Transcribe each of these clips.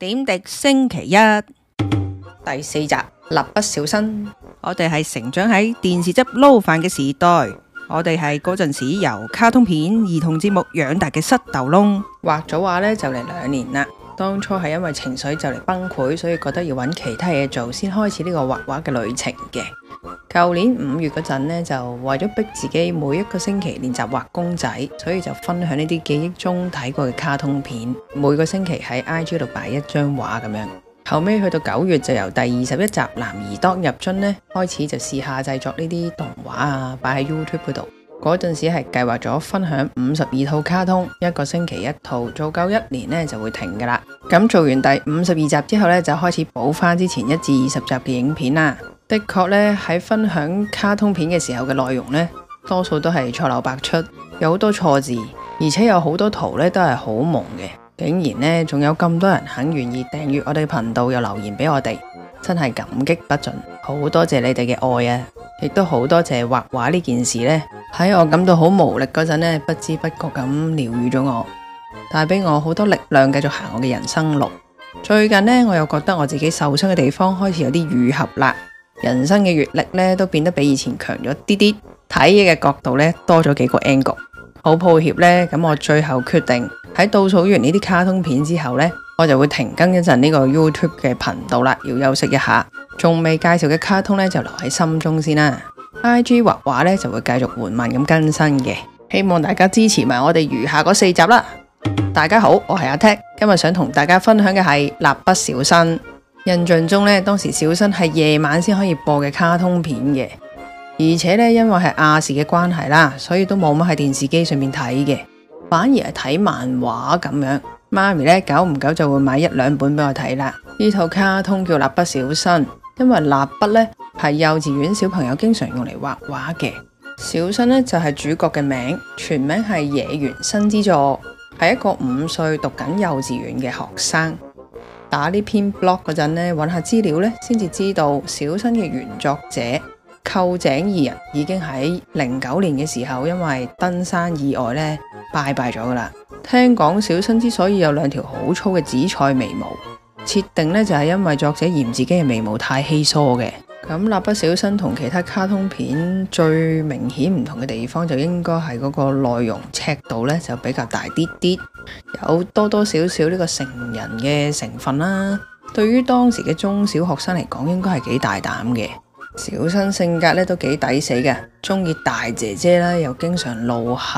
點滴星期一第四集，蠟筆小新。我哋係成長喺電視汁撈飯嘅時代，我哋係嗰陣時由卡通片、兒童節目養大嘅失斗窿。畫咗畫呢，就嚟兩年啦。當初係因為情緒就嚟崩潰，所以覺得要揾其他嘢做，先開始呢個畫畫嘅旅程嘅。舊年五月嗰陣咧，就為咗逼自己每一個星期練習畫公仔，所以就分享呢啲記憶中睇過嘅卡通片。每個星期喺 IG 度擺一張畫咁樣。後尾去到九月就由第二十一集《男兒當入樽》呢開始就試下製作呢啲動畫啊，擺喺 YouTube 嗰度。嗰陣時係計劃咗分享五十二套卡通，一個星期一套，做夠一年呢就會停噶啦。咁做完第五十二集之後呢，就開始補返之前一至二十集嘅影片啦。的確呢，喺分享卡通片嘅時候嘅內容呢，多數都係錯漏百出，有好多錯字，而且有好多圖呢都係好蒙嘅。竟然呢，仲有咁多人肯願意訂閱我哋頻道又留言俾我哋，真係感激不盡。好多謝你哋嘅愛啊，亦都好多謝畫畫呢件事呢。喺我感到好無力嗰陣呢，不知不覺咁療愈咗我，帶俾我好多力量繼續行我嘅人生路。最近呢，我又覺得我自己受傷嘅地方開始有啲愈合啦。人生嘅閱歷呢，都變得比以前強咗啲啲，睇嘢嘅角度呢，多咗幾個 angle。好抱歉呢。咁我最後決定喺倒數完呢啲卡通片之後呢，我就會停更一陣呢個 YouTube 嘅頻道啦，要休息一下。仲未介紹嘅卡通呢就留喺心中先啦。IG 畫畫呢就會繼續緩慢咁更新嘅，希望大家支持埋我哋餘下嗰四集啦。大家好，我係阿踢，今日想同大家分享嘅係《蠟筆小新》。印象中呢，當時小新係夜晚先可以播嘅卡通片嘅，而且呢，因為係亞視嘅關係啦，所以都冇乜喺電視機上面睇嘅，反而係睇漫畫咁樣。媽咪呢，久唔久就會買一兩本俾我睇啦。呢套卡通叫《蠟筆小新》，因為蠟筆呢係幼稚園小朋友經常用嚟畫畫嘅，小新呢就係、是、主角嘅名，全名係野原新之助，係一個五歲讀緊幼稚園嘅學生。打呢篇 blog 嗰陣咧，搵下資料咧，先至知道小新嘅原作者臼井義人已經喺零九年嘅時候，因為登山意外咧，拜拜咗噶啦。聽講小新之所以有兩條好粗嘅紫菜眉毛，設定咧就係因為作者嫌自己嘅眉毛太稀疏嘅。咁蠟筆小新同其他卡通片最明顯唔同嘅地方，就應該係嗰個內容尺度咧就比較大啲啲。有多多少少呢個成人嘅成分啦，對於當時嘅中小學生嚟講，應該係幾大膽嘅。小新性格咧都幾抵死嘅，中意大姐姐啦，又經常露蟹。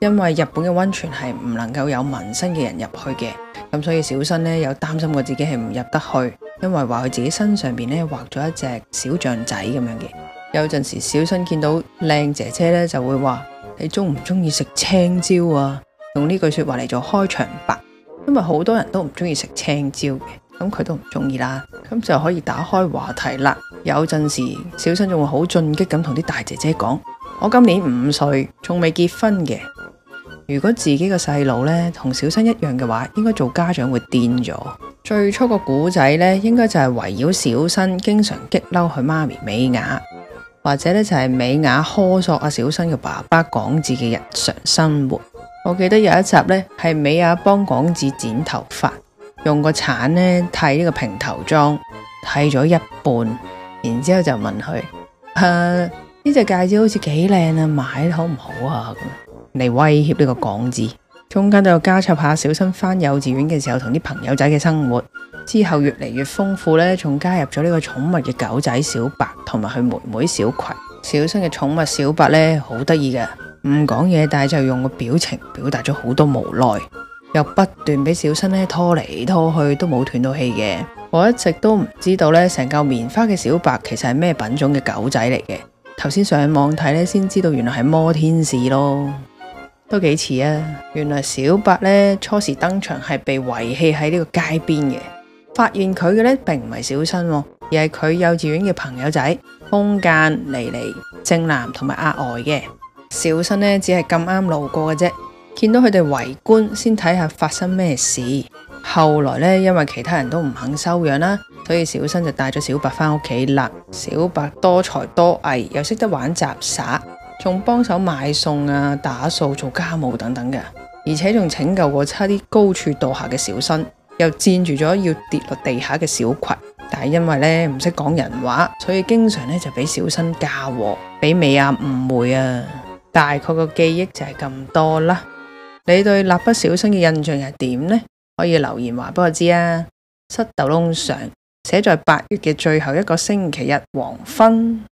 因為日本嘅溫泉係唔能夠有紋身嘅人入去嘅，咁所以小新咧有擔心過自己係唔入得去，因為話佢自己身上邊咧畫咗一隻小象仔咁樣嘅。有陣時小新見到靚姐姐咧，就會話：你中唔中意食青椒啊？用呢句說話嚟做開場白，因為好多人都唔中意食青椒嘅，咁佢都唔中意啦，咁就可以打開話題啦。有陣時，小新仲會好進擊咁同啲大姐姐講：，我今年五歲，仲未結婚嘅。如果自己個細路呢同小新一樣嘅話，應該做家長會癲咗。最初個古仔呢應該就係圍繞小新經常激嬲佢媽咪美雅，或者呢就係、是、美雅呵索阿、啊、小新嘅爸爸，講自己日常生活。我記得有一集呢，係美亞幫廣志剪頭髮，用個鏟呢剃呢個平頭裝，剃咗一半，然之後就問佢，呢、啊、隻戒指好似幾靚啊，買得好唔好啊，嚟威脅呢個廣志。中間都有加插下小新返幼稚園嘅時候同啲朋友仔嘅生活，之後越嚟越豐富呢，仲加入咗呢個寵物嘅狗仔小白同埋佢妹妹小葵。小新嘅寵物小白呢，好得意嘅。唔講嘢，但係就用個表情表達咗好多無奈，又不斷俾小新咧拖嚟拖去，都冇斷到氣嘅。我一直都唔知道咧，成嚿棉花嘅小白其實係咩品種嘅狗仔嚟嘅。頭先上網睇咧，先知道原來係摩天使咯，都幾似啊！原來小白咧初時登場係被遺棄喺呢個街邊嘅，發現佢嘅咧並唔係小新，而係佢幼稚園嘅朋友仔空間、妮妮、正男同埋阿呆嘅。小新呢隻係咁啱路過嘅啫，見到佢哋圍觀，先睇下發生咩事。後來呢，因為其他人都唔肯收養啦，所以小新就帶咗小白返屋企啦。小白多才多藝，又識得玩雜耍，仲幫手買餸啊、打掃、做家務等等嘅。而且仲拯救過差啲高處墮下嘅小新，又佔住咗要跌落地下嘅小葵。但係因為呢唔識講人話，所以經常呢就俾小新嫁禍，俾美啊誤會啊。大概個記憶就係咁多啦。你對蠟筆小新嘅印象係點呢？可以留言話俾我知啊。塞豆窿上寫在八月嘅最後一個星期日黃昏。